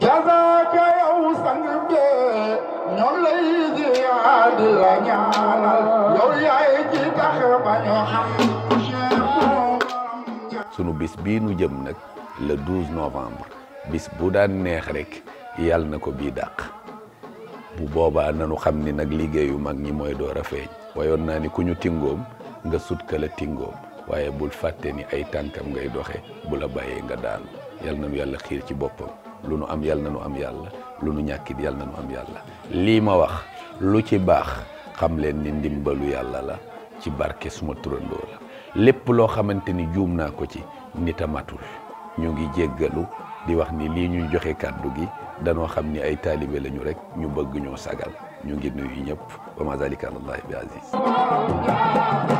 jazaaka sang be ñoom la ñaanal yow yaay ba ñu xam sunu bis bii nu jëm nag la 12 novembre bis bu daan neex rek yàlla na ko bii dàq bu boobaa nanu xam ni nag liggéeyu mag ñi mooy doo a feeñ wayoon naa ni ku ñu tingoom nga sutkala tingoom waaye bul fàtte ni ay tànkam ngay doxe bu la bàyyee nga daanu yàlla yàlla xiir ci boppam lu nu am yàlla na nu am yàlla lu nu ñàkkit yàlla na nu am yàlla lii ma wax lu ci baax xam leen ni ndimbalu yàlla la ci barke suma turandoo la lépp loo xamante ni juum naa ko ci nit a ñu ngi jéggalu di wax ni lii ñu joxe kàddu gi danoo xam ni ay taalibe lañu rek ñu bëgg ñoo sagal ñu ngi nuyu ñëpp wa ma alallahi bi aziz